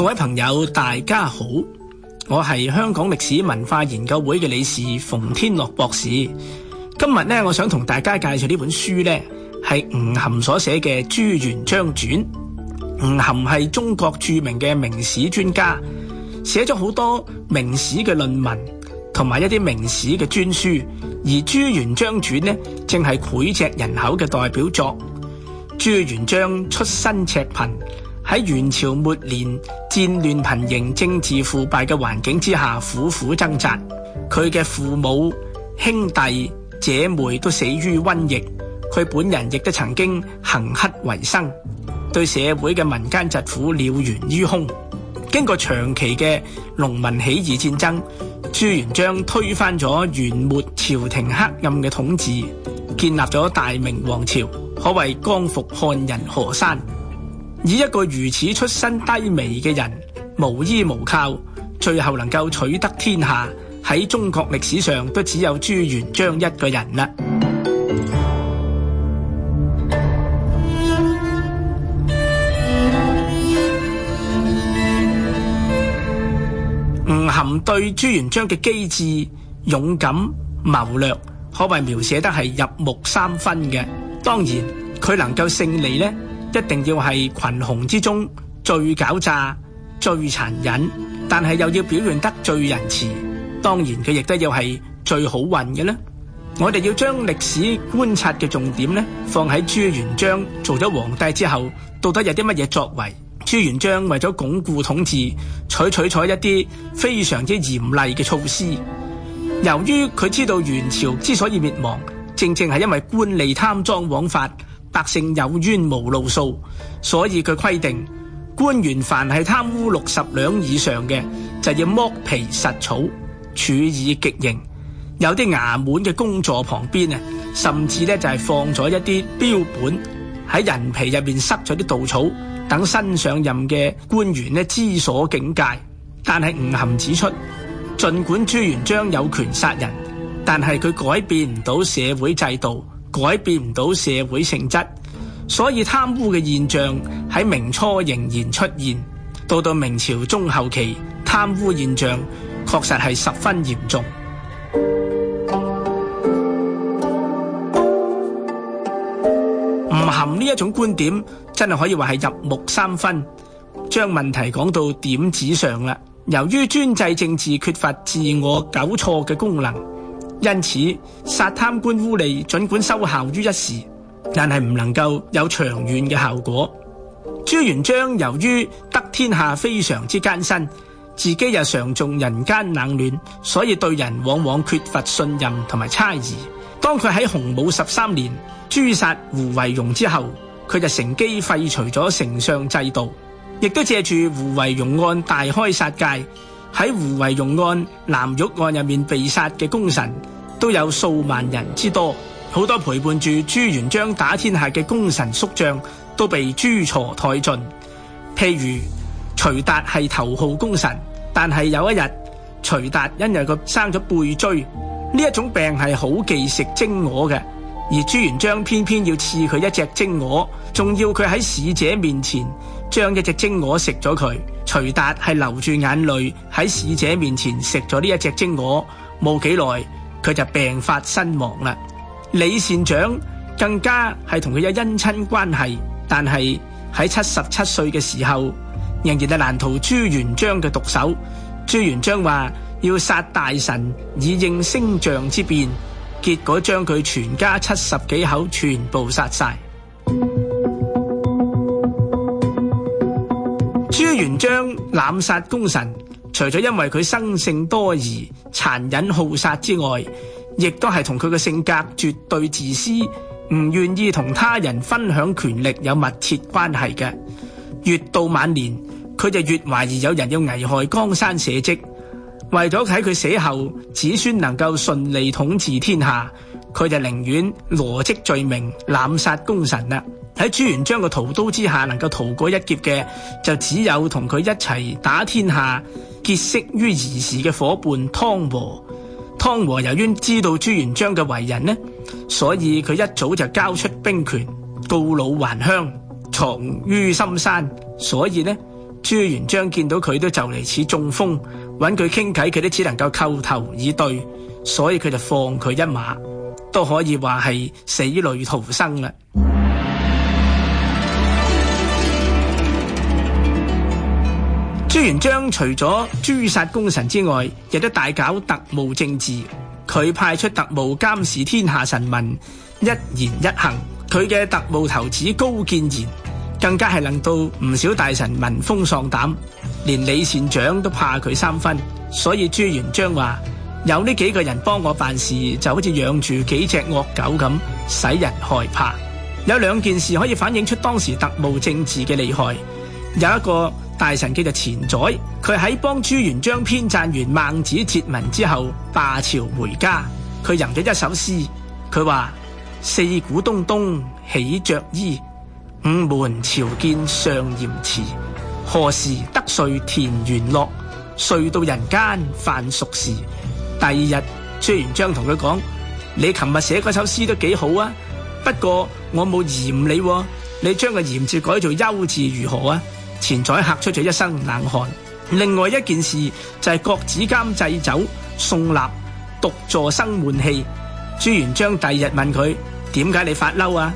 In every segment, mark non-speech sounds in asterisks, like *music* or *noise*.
各位朋友，大家好，我係香港歷史文化研究會嘅理事馮天樂博士。今日咧，我想同大家介紹呢本書咧，係吳晗所寫嘅《朱元璋傳》。吳晗係中國著名嘅明史專家，寫咗好多明史嘅論文同埋一啲明史嘅專書。而《朱元璋傳》咧，正係膾炙人口嘅代表作。朱元璋出身赤貧。喺元朝末年戰亂頻仍、政治腐敗嘅環境之下，苦苦掙扎。佢嘅父母兄弟姐妹都死於瘟疫，佢本人亦都曾經行乞為生，對社會嘅民間疾苦了然於胸。經過長期嘅農民起義戰爭，朱元璋推翻咗元末朝廷黑暗嘅統治，建立咗大明王朝，可謂光復漢人河山。以一個如此出身低微嘅人，無依無靠，最後能夠取得天下，喺中國歷史上都只有朱元璋一個人啦。吳晗 *music* 對朱元璋嘅機智、勇敢、謀略，可謂描寫得係入木三分嘅。當然，佢能夠勝利呢。一定要係群雄之中最狡詐、最殘忍，但係又要表現得最仁慈。當然，佢亦都又係最好運嘅咧。我哋要將歷史觀察嘅重點咧，放喺朱元璋做咗皇帝之後，到底有啲乜嘢作為？朱元璋為咗鞏固統治，採取咗一啲非常之嚴厲嘅措施。由於佢知道元朝之所以滅亡，正正係因為官吏貪贓枉法。百姓有冤無路訴，所以佢規定官員凡係貪污六十兩以上嘅，就要剝皮實草，處以極刑。有啲衙門嘅公座旁邊啊，甚至呢就係放咗一啲標本，喺人皮入面塞咗啲稻草，等新上任嘅官員呢，知所警戒。但係吳晗指出，儘管朱元璋有權殺人，但係佢改變唔到社會制度。改變唔到社會性質，所以貪污嘅現象喺明初仍然出現，到到明朝中後期，貪污現象確實係十分嚴重。吳晗呢一種觀點，真係可以話係入木三分，將問題講到點子上啦。由於專制政治缺乏自我糾錯嘅功能。因此，殺貪官污吏，儘管收效於一時，但係唔能夠有長遠嘅效果。朱元璋由於得天下非常之艱辛，自己又常重人間冷暖，所以對人往往缺乏信任同埋猜疑。當佢喺洪武十三年，誅殺胡惟庸之後，佢就乘機廢除咗丞相制度，亦都借住胡惟庸案大開殺戒。喺胡惟庸案、藍玉案入面被殺嘅功臣都有數萬人之多，好多陪伴住朱元璋打天下嘅功臣宿將都被誅鋤殆盡。譬如徐達係頭號功臣，但係有一日徐達因因為佢生咗背椎呢一種病係好忌食蒸鵝嘅，而朱元璋偏偏要賜佢一隻蒸鵝，仲要佢喺使者面前。將一隻蒸鵝食咗佢，徐達係流住眼淚喺使者面前食咗呢一隻蒸鵝，冇幾耐佢就病發身亡啦。李善長更加係同佢有姻親關係，但係喺七十七歲嘅時候仍然係難逃朱元璋嘅毒手。朱元璋話要殺大臣以應星象之變，結果將佢全家七十幾口全部殺晒。元璋濫殺功臣，除咗因為佢生性多疑、殘忍好殺之外，亦都係同佢嘅性格絕對自私、唔願意同他人分享權力有密切關係嘅。越到晚年，佢就越懷疑有人要危害江山社稷，為咗喺佢死後子孫能夠順利統治天下，佢就寧願羅織罪名濫殺功臣啦。喺朱元璋嘅屠刀之下，能夠逃過一劫嘅，就只有同佢一齊打天下、結識於兒時嘅伙伴湯和。湯和由於知道朱元璋嘅為人呢，所以佢一早就交出兵權，告老還鄉，藏於深山。所以呢，朱元璋見到佢都就嚟似中風，揾佢傾偈，佢都只能夠叩頭以對。所以佢就放佢一馬，都可以話係死裏逃生啦。朱元璋除咗誅殺功臣之外，亦都大搞特務政治。佢派出特務監視天下臣民一言一行。佢嘅特務頭子高見賢，更加係令到唔少大臣聞風喪膽，連李善長都怕佢三分。所以朱元璋話：有呢幾個人幫我辦事，就好似養住幾隻惡狗咁，使人害怕。有兩件事可以反映出當時特務政治嘅厲害。有一個，大神臣叫做錢宰，佢喺幫朱元璋編撰完《孟子節文》之後罷朝回家，佢吟咗一首詩，佢話四鼓東東起着衣，午門朝見尚嫌遲，何時得睡田園樂？睡到人間飯熟時。第二日朱元璋同佢講：你琴日寫嗰首詩都幾好啊，不過我冇嫌你啊，你將個嫌字改做憂字如何啊？前宰吓出咗一身冷汗。另外一件事就係、是、國子監祭酒宋立獨坐生悶氣。朱元璋第二日問佢點解你發嬲啊？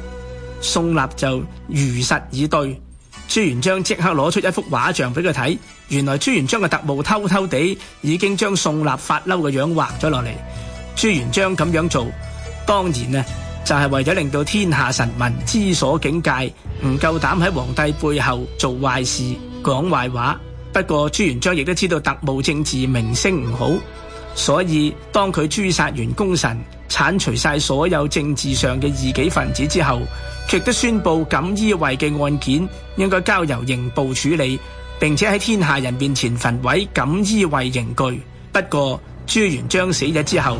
宋立就如實以對。朱元璋即刻攞出一幅畫像俾佢睇，原來朱元璋嘅特務偷偷地已經將宋立發嬲嘅樣畫咗落嚟。朱元璋咁樣做，當然啊。就係為咗令到天下臣民知所警戒，唔夠膽喺皇帝背後做壞事、講壞話。不過朱元璋亦都知道特務政治名聲唔好，所以當佢誅殺完功臣、鏟除晒所有政治上嘅異己分子之後，佢亦都宣布錦衣衛嘅案件應該交由刑部處理，並且喺天下人面前焚毀錦衣衛刑具。不過朱元璋死咗之後，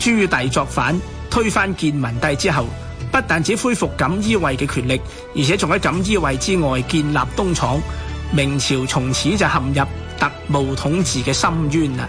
朱棣作反。推翻建文帝之後，不但只恢復錦衣衛嘅權力，而且仲喺錦衣衛之外建立東廠。明朝從此就陷入特務統治嘅深淵啦。